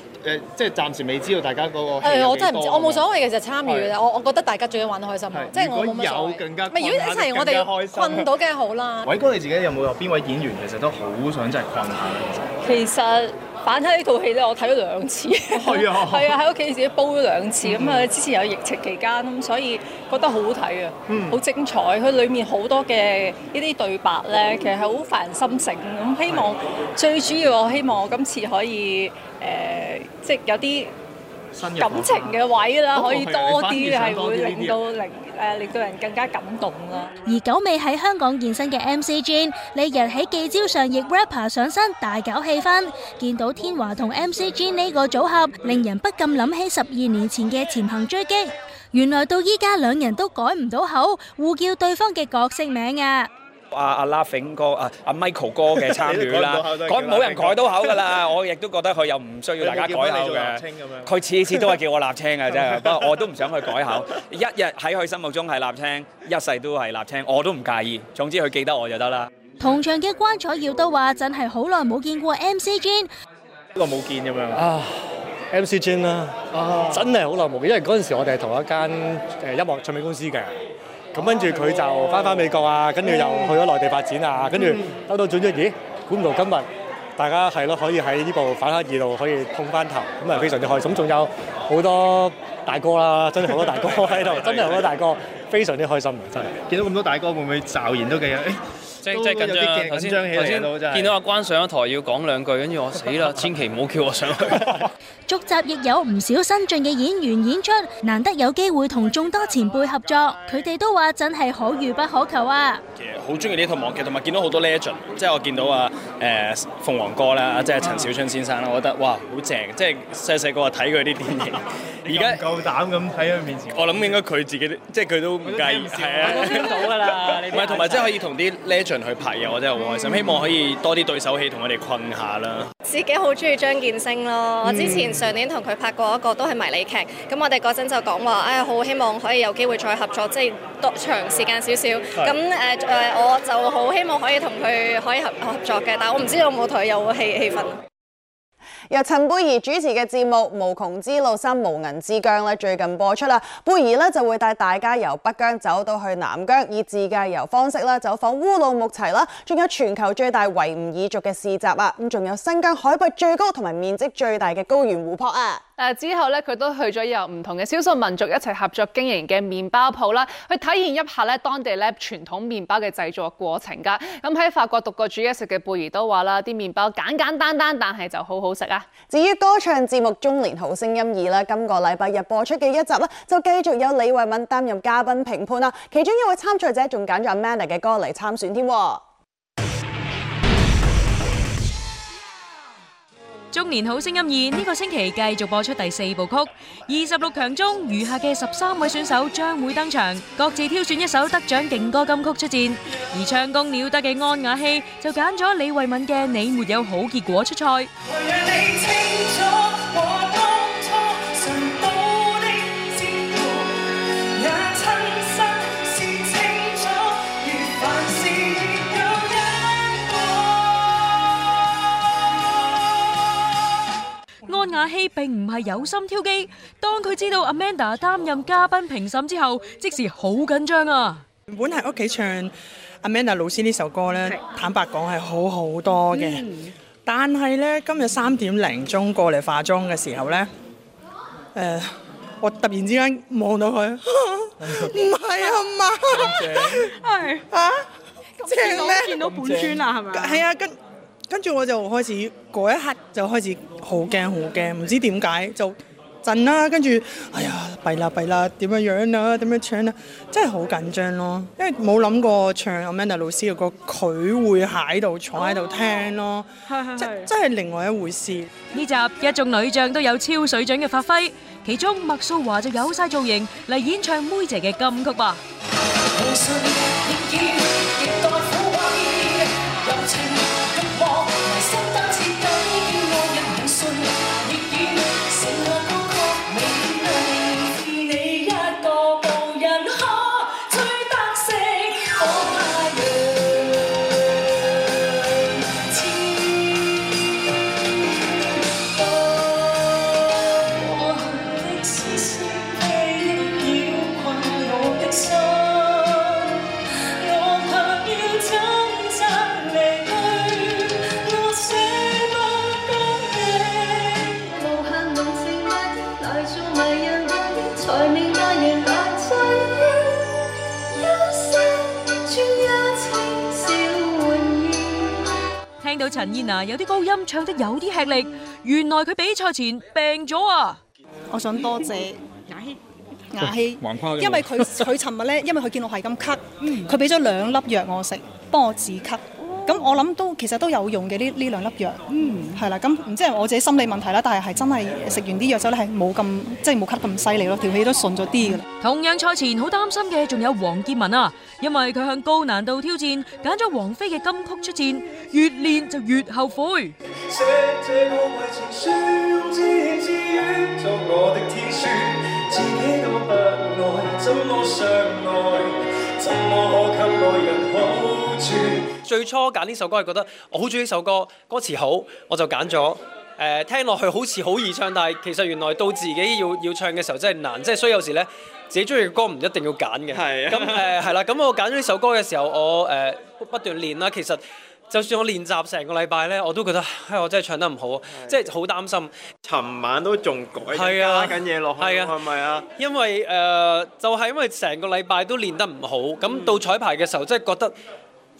[SPEAKER 3] 即係暫時未知道大家嗰個我真係唔知，我冇所謂
[SPEAKER 5] 其實就參與嘅，我我覺得大家最緊玩得開心，即係我有更加。謂。如果一齊我哋困到梗係好啦。
[SPEAKER 3] 偉哥你自己有冇有邊位演員其實都好想真係困下？
[SPEAKER 5] 其實反睇呢套戲咧，我睇咗兩次，係啊，係啊，喺屋企自己煲咗兩次咁啊。之前有疫情期間咁，所以覺得好好睇啊，好精彩。佢裡面好多嘅呢啲對白咧，其實係好發人心醒。咁希望最主要，我希望我今次可以。誒，即係有啲
[SPEAKER 12] 感情嘅位啦，可以多啲係會令到令
[SPEAKER 5] 誒令到人更加感
[SPEAKER 8] 動啦。而久違喺香港現身嘅 MC Jin，呢日喺記招上亦 rapper 上身大搞氣氛，見到天華同 MC Jin 呢個組合，令人不禁諗起十二年前嘅潛行狙擊。原來到依家兩人都改唔到口，互叫對方嘅角色名啊！
[SPEAKER 3] 阿阿 Laughing 哥、阿阿 Michael 哥嘅參與啦，
[SPEAKER 7] 改冇人改到口噶啦，我
[SPEAKER 5] 亦都覺得佢又唔
[SPEAKER 3] 需
[SPEAKER 8] 要大家改口嘅。
[SPEAKER 7] 佢次次
[SPEAKER 5] 都係叫我立青嘅真係，不過我都唔想去改口。一日喺佢心目中係立青，一世
[SPEAKER 3] 都係立青，我都唔介意。總之佢記得我就得啦。
[SPEAKER 8] 同場嘅關楚耀都話：真係好耐冇見過 MC Jin，
[SPEAKER 3] 好耐冇見咁樣啊！MC Jin 啦，啊，真係好耐冇見，因為嗰陣時我哋係同一間誒音樂唱片公司嘅。咁跟住佢就翻返美國啊，跟住又去咗內地發展啊，嗯、跟住兜兜轉轉咦，估唔到今日大家係咯，可以喺呢部《反黑二路》可以碰翻頭，咁啊非常之開心。仲有好多大哥啦，真係好多大哥喺度，真係好多大哥，大哥大哥 非常之開心，真係見到咁多大哥，會唔會驟然都咁樣？ 即係緊張、啊！頭先頭先見到阿關上咗台要講兩句，跟住我死啦！千祈唔好叫我上去。
[SPEAKER 8] 續 集亦有唔少新晉嘅演員演出，難得有機會同眾多前輩合作，佢哋都話真係可遇不可求啊！其
[SPEAKER 3] 實好中意呢套網劇，同埋見到好多 legend，即係我見到阿誒、呃、鳳凰哥啦，即係陳小春先生啦，我覺得哇，好正！即係細細個睇佢啲電影，而家夠膽咁喺佢面前。我諗應該佢自己即係佢都唔介意。啊、我聽
[SPEAKER 8] 到㗎啦！唔係
[SPEAKER 3] 同埋即係可以同啲 legend。 去拍嘢，我真係好開心，希望可以多啲對手戲同我哋困下啦。
[SPEAKER 5] 自己好中意張建聲咯，嗯、我之前上年同佢拍過一個都係迷你劇，咁我哋嗰陣就講話，唉、哎，好希望可以有機會再合作，即係多長時間少少。咁誒誒，我就好希望可以同佢可以合合作嘅，但我唔知有冇同佢有個氣氣氛。
[SPEAKER 1] 由陳貝兒主持嘅節目《無窮之路三無銀之疆》最近播出啦。貝兒就會帶大家由北疆走到去南疆，以自駕遊方式走訪烏魯木齊啦，仲有全球最大維吾爾族嘅市集啊，仲有新疆海拔最高同埋面積最大嘅高原湖泊。
[SPEAKER 2] 誒之後咧，佢都去咗由唔同嘅少數民族一齊合作經營嘅麵包鋪啦，去體驗一下咧當地咧傳統麵包嘅製作過程㗎。咁、啊、喺法國讀過煮嘢食嘅貝兒都話啦，啲麵包簡簡單單，單，但係就好好食啊。
[SPEAKER 1] 至於歌唱節目《中年好聲音二》啦，今個禮拜日播出嘅一集啦，就繼續有李慧敏擔任嘉賓評判啦。其中一位參賽者仲揀咗 Amanda 嘅歌嚟參選添。
[SPEAKER 6] 中年好聲音二呢個星期繼續播出第四部曲。二十六強中，餘下嘅十三位選手將會登場。各自挑選一首得獎勁歌金曲出戰。而唱功了得嘅安雅希，就揀咗李慧敏嘅你沒有好結果出賽。雅希並唔係有心挑機，當佢知道 Amanda 擔任嘉賓評審之後，即時好緊張啊！原本
[SPEAKER 1] 喺屋企唱 Amanda 老師呢首歌咧，坦白講係好好多嘅，但係咧今日三點零鐘過嚟化妝嘅時候咧，誒，我突然之間望到佢，唔係啊嘛，吓，即係我見到本尊啦，係咪啊？係啊，跟。跟住我就開始，嗰一刻就開始好驚好驚，唔知點解就震啦。跟住哎呀，弊啦弊啦，點樣樣啊？點樣唱啊？真係好緊張咯。因為冇諗過唱 Amanda 老師嘅歌，佢會喺度坐喺度聽咯。係係係，真係另外一回事。
[SPEAKER 6] 呢、哦 yeah. 集一眾女將都有超水準嘅發揮，其中麥素華就有晒造型嚟演唱梅姐嘅金曲啊！陳燕娜有啲高音唱得有啲吃力，原來佢比賽前病咗啊！我想多謝
[SPEAKER 8] 雅希，雅希， 因為佢
[SPEAKER 6] 佢尋日咧，因為佢見我係咁咳，佢俾咗兩粒藥我食，幫我止咳。咁我諗都其實都有用嘅呢呢兩粒藥，嗯，係啦，咁唔知係我自己心理問題啦，但係係真係食完啲藥之後咧係冇咁即係冇咳得咁犀利咯，條氣都順咗啲㗎啦。同樣賽前好擔心嘅仲有黃建文啊，因為佢向高難度挑戰揀咗王菲嘅金曲出戰，越練就越後悔。
[SPEAKER 3] 最初揀呢首歌係覺得我好中意呢首歌，歌詞好，我就揀咗。誒、呃、聽落去好似好易唱，但係其實原來到自己要要唱嘅時候真係難，即係所以有時咧自己中意嘅歌唔一定要揀嘅。係是啊、嗯。咁誒係啦，咁、嗯嗯嗯嗯、我揀咗呢首歌嘅時候，我誒、呃、不斷練啦。其實就算我練習成個禮拜咧，我都覺得唉我真係唱得唔好，是啊、即係好擔心。尋晚都仲改加緊嘢落去，係咪啊？啊是是啊，因為誒、呃、就係、是、因為成個禮拜都練得唔好，咁、嗯、到彩排嘅時候真係、就是、覺得。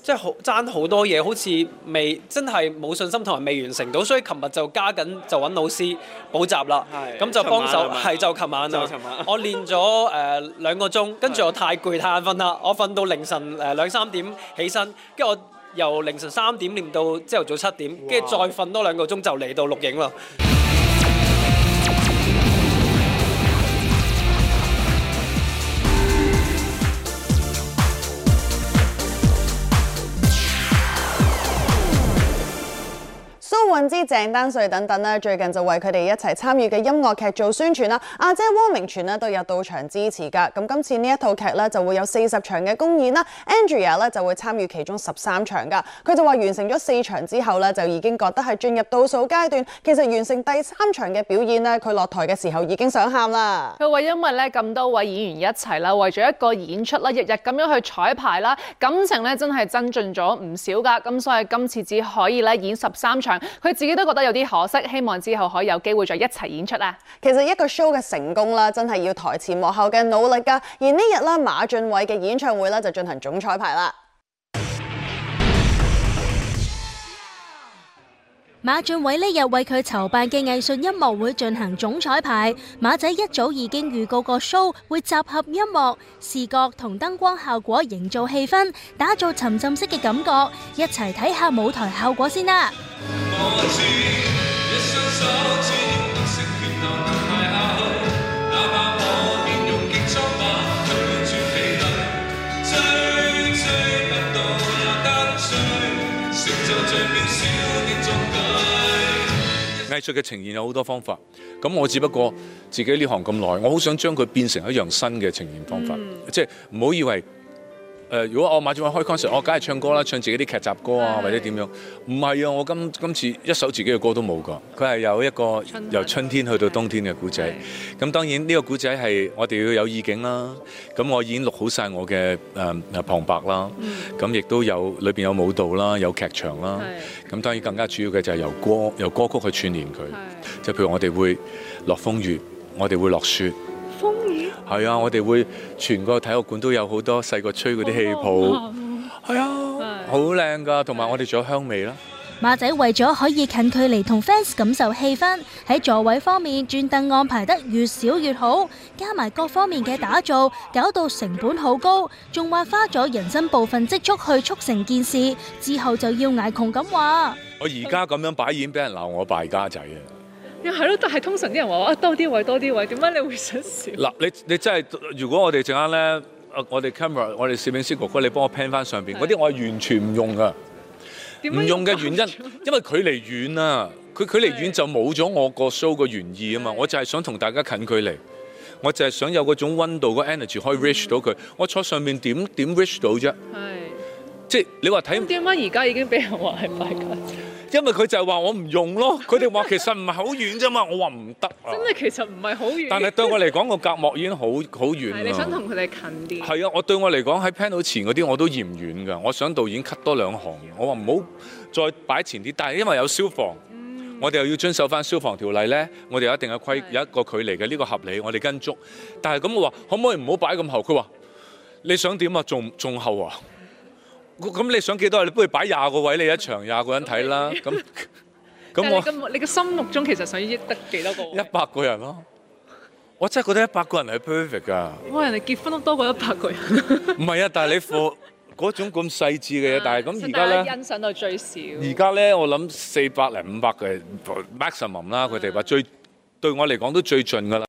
[SPEAKER 3] 即係好爭好多嘢，好似未真係冇信心同埋未完成到，所以琴日就加緊就揾老師補習啦。咁的就幫手係就琴晚啦。我練咗誒兩個鐘，跟住我太攰太瞓啦，我瞓到凌晨誒兩三點起身，跟住我由凌晨三點練到朝頭早七點，跟住再瞓多兩個鐘就嚟到錄影啦。哇
[SPEAKER 1] 之鄭丹瑞等等啦，最近就為佢哋一齊參與嘅音樂劇做宣傳啦。阿姐汪明荃咧都有到場支持噶。咁今次呢一套劇咧就會有四十場嘅公演啦。Andrea 咧就會參與其中十三場噶。佢就話完成咗四場之後咧就已經覺得係進入倒數階段。其實完成第三場嘅表演咧，佢落台嘅時候已經想喊啦。
[SPEAKER 2] 佢話因為咧咁多位演員一齊啦，為咗一個演出啦，日日咁樣去彩排啦，感情咧真係增進咗唔少噶。咁所以今次只可以咧演十三
[SPEAKER 1] 場。佢自己都覺得有啲可惜，希望之後可以有機會再一齊演出啊！其實一個 show 嘅成功啦，真係要台前幕後嘅努力㗎。而這日呢日啦，馬俊偉嘅演唱會咧就進行總彩排啦。
[SPEAKER 8] 馬俊偉呢日為佢籌辦嘅藝術音樂會進行總彩排。馬仔一早已經預告過 show 會集合音樂、視覺同燈光效果營造氣氛，打造沉浸式嘅感覺。一齊睇下舞台效果先啦！
[SPEAKER 9] 藝術嘅呈現有好多方法，咁我只不過自己呢行咁耐，我好想將佢變成一樣新嘅呈現方法，mm hmm. 即係唔好以為。誒、呃，如果我買咗開 concert，的我梗係唱歌啦，唱自己啲劇集歌啊，的或者點樣？唔係啊，我今今次一首自己嘅歌都冇㗎，佢係有一個由春天去到冬天嘅古仔。咁的當然呢個古仔係我哋要有意境啦。咁我已經錄好晒我嘅誒誒旁白啦。咁亦、嗯、都有裏邊有舞蹈啦，有劇場啦。咁的當然更加主要嘅就係由歌由歌曲去串聯佢。的就譬如我哋會落風雨，我哋會落雪。係啊，我哋會全個體育館都有好多細個吹嗰啲氣泡，係啊、哦，好靚㗎，同埋、哎、喲的我哋仲有香味啦。
[SPEAKER 8] 馬仔為咗可以近距離同 fans 感受氣氛，喺座位方面轉凳安排得越少越好，加埋各方面嘅打造，搞到成本好高，仲話花咗人生部分積蓄去促成件事，之後就要捱窮咁話。
[SPEAKER 9] 我而家咁樣擺演，俾人鬧我敗家仔啊！
[SPEAKER 8] 係咯，但係通常啲人話我，啊、多啲位多啲位，點解你
[SPEAKER 2] 會想少？
[SPEAKER 9] 嗱，你你真係，如果我哋陣間咧，我我哋 camera，我哋攝影師哥哥，你幫我 pan 翻上邊嗰啲，的我係完全唔用㗎。點唔怎樣 用嘅原因，因為距離遠啊，佢距離遠的就冇咗我個 show 個原意啊嘛。的我就係想同大家近距離，我就係想有嗰種溫度，嗰，那個、energy 可以 reach 到佢。嗯、我坐上面點點 reach 到啫？
[SPEAKER 2] 係
[SPEAKER 9] 的。即係你話睇。唔點解而家已經俾人話係敗家？因為佢就係話我唔用咯，佢哋話其實唔係好遠啫嘛，我話唔得。真
[SPEAKER 2] 係其實唔係好遠。但係
[SPEAKER 9] 對我嚟講，個隔 膜已經好好遠。你想
[SPEAKER 2] 同佢哋近啲？係
[SPEAKER 9] 啊，我對我嚟講喺 plan 到前嗰啲我都嫌遠㗎，我想導演 cut 多兩行，我話唔好再擺前啲。但係因為有消防，嗯、我哋又要遵守翻消防條例咧，我哋有一定嘅規，的有一個距離嘅呢個合理，我哋跟足。但係咁我話可唔可以唔好擺咁後？佢話你想點啊？仲仲後啊？咁你想幾多啊？你不如擺廿個位你一場廿個人睇啦。咁咁 Okay.
[SPEAKER 2] 我你嘅心目中其實想益得幾多個？
[SPEAKER 9] 一百個人咯，我真係覺得一百個人係 perfect 噶。
[SPEAKER 2] 哇！人哋結婚都多過一百個人。
[SPEAKER 9] 唔 係啊，但係你放嗰種咁細緻嘅嘢， 但係咁而家咧，
[SPEAKER 2] 欣賞到最少。而
[SPEAKER 9] 家咧，我諗四百零五百嘅 maximum 啦，佢哋話最 對我嚟講都最盡㗎啦。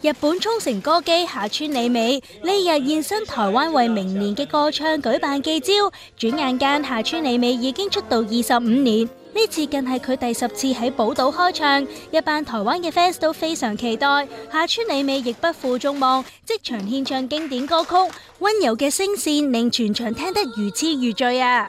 [SPEAKER 8] 日本沖繩歌姬夏川里美呢日現身台灣為明年嘅歌唱舉辦記招，轉眼間夏川里美已經出道二十五年，呢次更係佢第十次喺寶島開唱，一班台灣嘅 fans 都非常期待，夏川里美亦不負眾望，即場獻唱經典歌曲，温柔嘅聲線令全場聽得如痴如醉啊！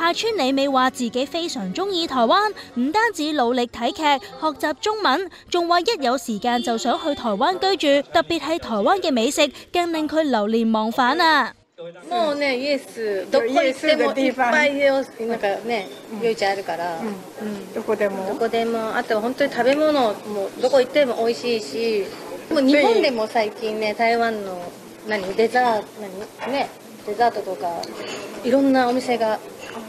[SPEAKER 8] 夏川里美話自己非常中意台灣，唔單止努力睇劇學習中文，仲話一有時間就想去台灣居住，特別係台灣嘅美食更令佢流連忘返啊、嗯
[SPEAKER 12] 嗯嗯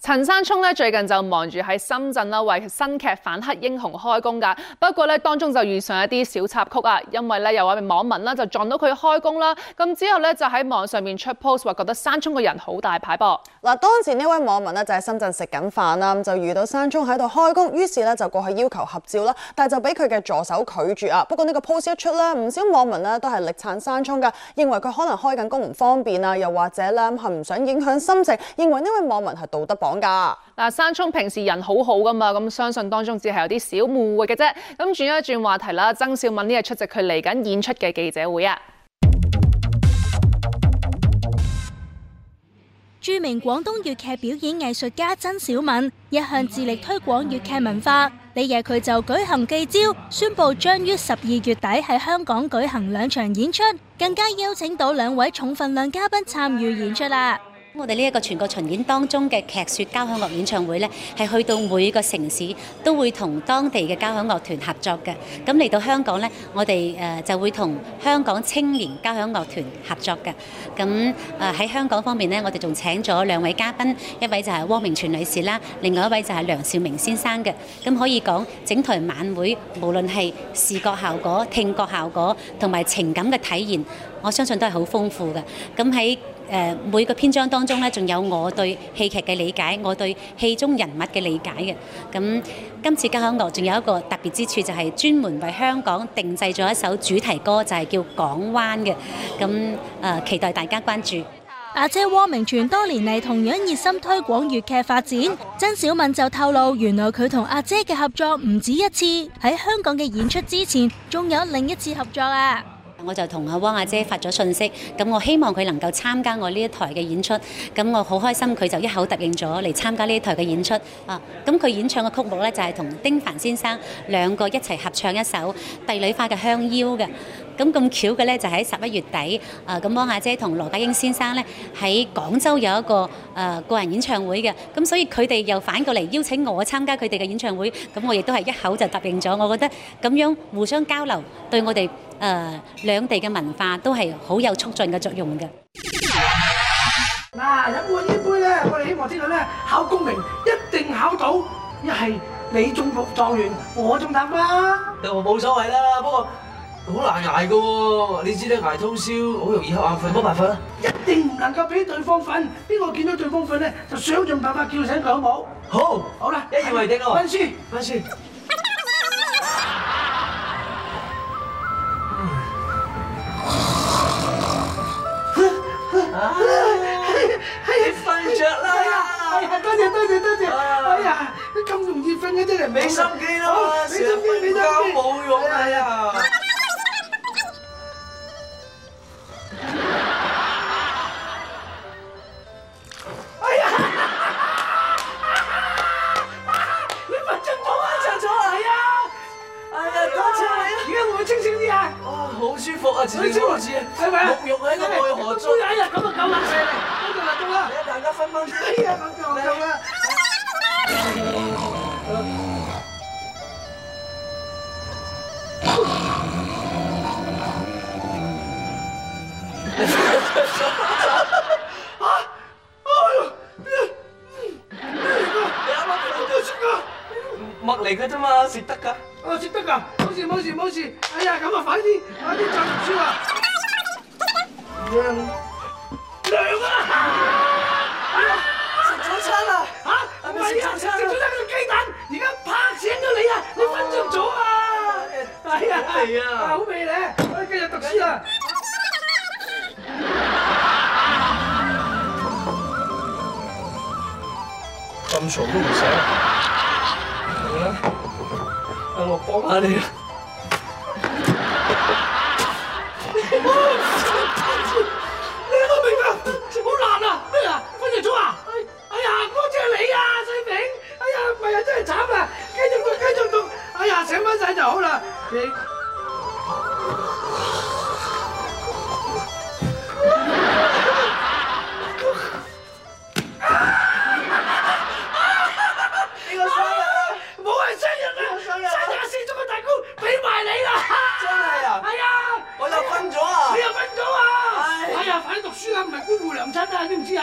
[SPEAKER 2] 陳山聰咧最近就忙住喺深圳啦，為新劇《反黑英雄》開工噶。不過咧當中就遇上一啲小插曲啊，因為咧有位網民啦就撞到佢開工啦，咁之後咧就喺網上面出 post 話覺得山聰個人好大牌噃。
[SPEAKER 1] 嗱，當時呢位網民咧就喺深圳食緊飯啊，咁就遇到山聰喺度開工，於是咧就過去要求合照啦，但係就俾佢嘅助手拒絕啊。不過呢個 post 一出咧，唔少網民咧都係力撐山聰噶，認為佢可能開緊工唔方便啊，又或者咧係唔想影響心情，認為呢位網民係道德綁講噶。嗱，山聰
[SPEAKER 2] 平時人好好噶嘛，咁相信當中只係有啲小誤會嘅啫。咁轉一轉話題啦，曾小敏呢日出席佢嚟緊演出嘅記者會啊！
[SPEAKER 8] 著名廣東粵劇表演藝術家曾小敏一向致力推廣粵劇文化，呢日佢就舉行記招，宣布將於十二月底喺香港舉行兩場演出，更加邀請到兩位重份量嘉
[SPEAKER 13] 賓參與演出啦。我哋呢一個全國巡演當中嘅劇說交響樂演唱會呢，係去到每個城市都會同當地嘅交響樂團合作嘅。咁嚟到香港呢，我哋誒就會同香港青年交響樂團合作嘅。咁誒喺香港方面呢，我哋仲請咗兩位嘉賓，一位就係汪明荃女士啦，另外一位就係梁兆明先生嘅。咁可以講，整台晚會無論係視覺效果、聽覺效果同埋情感嘅體驗，我相信都係好豐富嘅。咁喺誒每個篇章當中咧，仲有我對戲劇嘅理解，我對戲中人物嘅理解嘅。咁今次《交響樂》仲有一個特別之處，就係專門為香港定製咗一首主題歌，就係叫《港灣》嘅。咁誒，期待大家關注。
[SPEAKER 8] 阿姐汪明荃多年嚟同樣熱心推廣粵劇發展，曾小敏就透露，原來佢同阿姐嘅合作唔止一次。喺香港嘅演出之前，
[SPEAKER 13] 仲有另一次合作啊！我就同阿汪阿姐發咗信息，咁我希望佢能夠參加我呢一台嘅演出，咁我好開心佢就一口答應咗嚟參加呢一台嘅演出，啊，咁佢演唱嘅曲目呢，就係、是、同丁凡先生兩個一齊合唱一首《帝女花》嘅香夭嘅，咁咁巧嘅呢，就喺十一月底，啊，咁汪阿姐同羅家英先生呢，喺廣州有一個誒、呃、個人演唱會嘅，咁所以佢哋又反過嚟邀請我參加佢哋嘅演唱會，咁我亦都係一口就答應咗，我覺得咁樣互相交流對我哋。誒，兩地嘅文化都係好有促進嘅作用嘅。嗱，飲過呢杯咧，我哋希望之類咧，考功名一定
[SPEAKER 3] 考到，一係你中中狀元，我中探花。又冇所謂啦，不過好難捱嘅喎。你知咧，捱通宵好容易瞌眼瞓。冇辦法啦。一定唔能夠俾對方瞓，邊個見到對方瞓咧，就想盡辦法叫醒佢，好冇？好，好啦，一言為定咯。溫書，溫書。
[SPEAKER 8] 啊啊啊、你瞓着啦！係啊，啊，啊，啊，多謝多謝多謝！哎呀，
[SPEAKER 11] 咁容易瞓嘅真係美食，好心機咯，想瞓交冇
[SPEAKER 6] 用呀！
[SPEAKER 9] 咁重都唔醒，好啦，我幫
[SPEAKER 11] 下你
[SPEAKER 3] 啦。你都明㗎，好難啊！咩啊？瞓着咗啊？哎呀，多謝你啊，細明。哎
[SPEAKER 8] 呀，今、哎、日真係慘啊！繼續讀，繼續讀。哎呀，醒翻晒就好啦。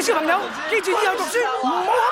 [SPEAKER 9] 小朋友，
[SPEAKER 8] 記住以後讀書。